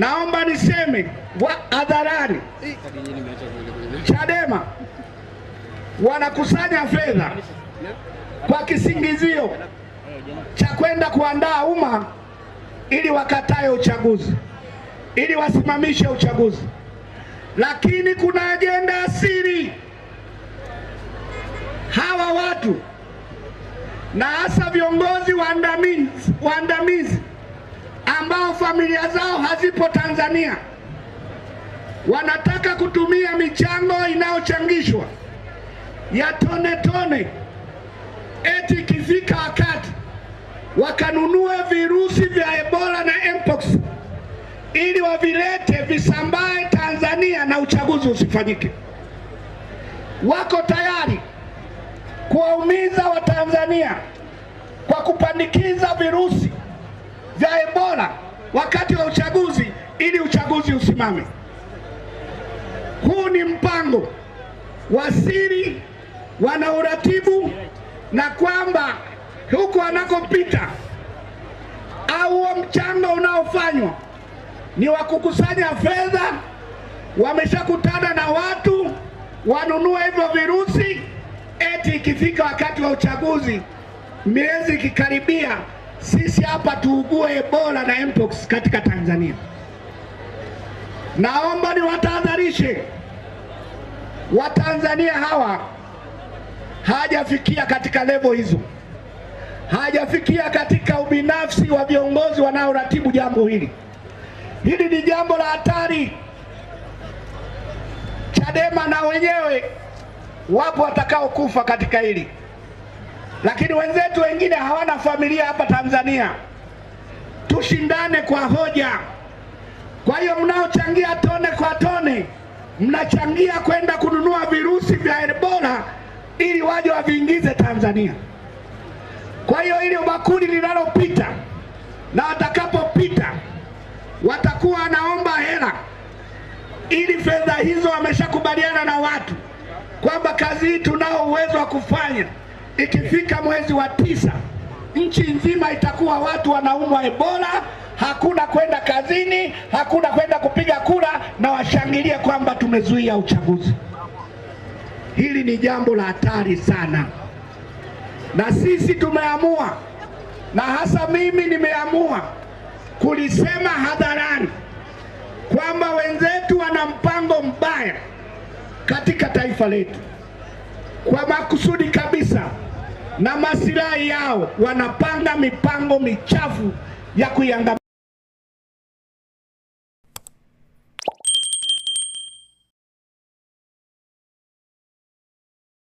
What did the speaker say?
Naomba niseme hadharani, Chadema wanakusanya fedha kwa kisingizio cha kwenda kuandaa umma ili wakatae uchaguzi, ili wasimamishe uchaguzi, lakini kuna ajenda asiri hawa watu na hasa viongozi waandamizi waandamizi ambao familia zao hazipo Tanzania wanataka kutumia michango inayochangishwa ya tone tone, eti ikifika wakati wakanunue virusi vya Ebola na Mpox ili wavilete visambae Tanzania na uchaguzi usifanyike. Wako tayari kuwaumiza Watanzania kwa kupandikiza virusi vya Ebola wakati wa uchaguzi ili uchaguzi usimame. Huu ni mpango wa siri, wana uratibu na kwamba huko anakopita au mchango unaofanywa ni wa kukusanya fedha. Wameshakutana na watu wanunue hivyo virusi, eti ikifika wakati wa uchaguzi, miezi ikikaribia sisi hapa tuugue Ebola na Mpox katika Tanzania. Naomba niwatahadharishe Watanzania hawa, hajafikia katika levo hizo, hajafikia katika ubinafsi wa viongozi wanaoratibu jambo hili. Hili ni jambo la hatari. Chadema na wenyewe wapo watakaokufa katika hili lakini wenzetu wengine hawana familia hapa Tanzania. Tushindane kwa hoja. Kwa hiyo mnaochangia tone kwa tone, mnachangia kwenda kununua virusi vya Ebola ili waje waviingize Tanzania. Kwa hiyo ili bakuli linalopita na watakapopita watakuwa wanaomba hela, ili fedha hizo wameshakubaliana na watu kwamba kazi hii tunao uwezo wa kufanya. Ikifika mwezi wa tisa, nchi nzima itakuwa watu wanaumwa Ebola, hakuna kwenda kazini, hakuna kwenda kupiga kura, na washangilie kwamba tumezuia uchaguzi. Hili ni jambo la hatari sana, na sisi tumeamua, na hasa mimi nimeamua kulisema hadharani kwamba wenzetu wana mpango mbaya katika taifa letu kwa makusudi kabisa na masilahi yao, wanapanga mipango michafu ya kuiangamiza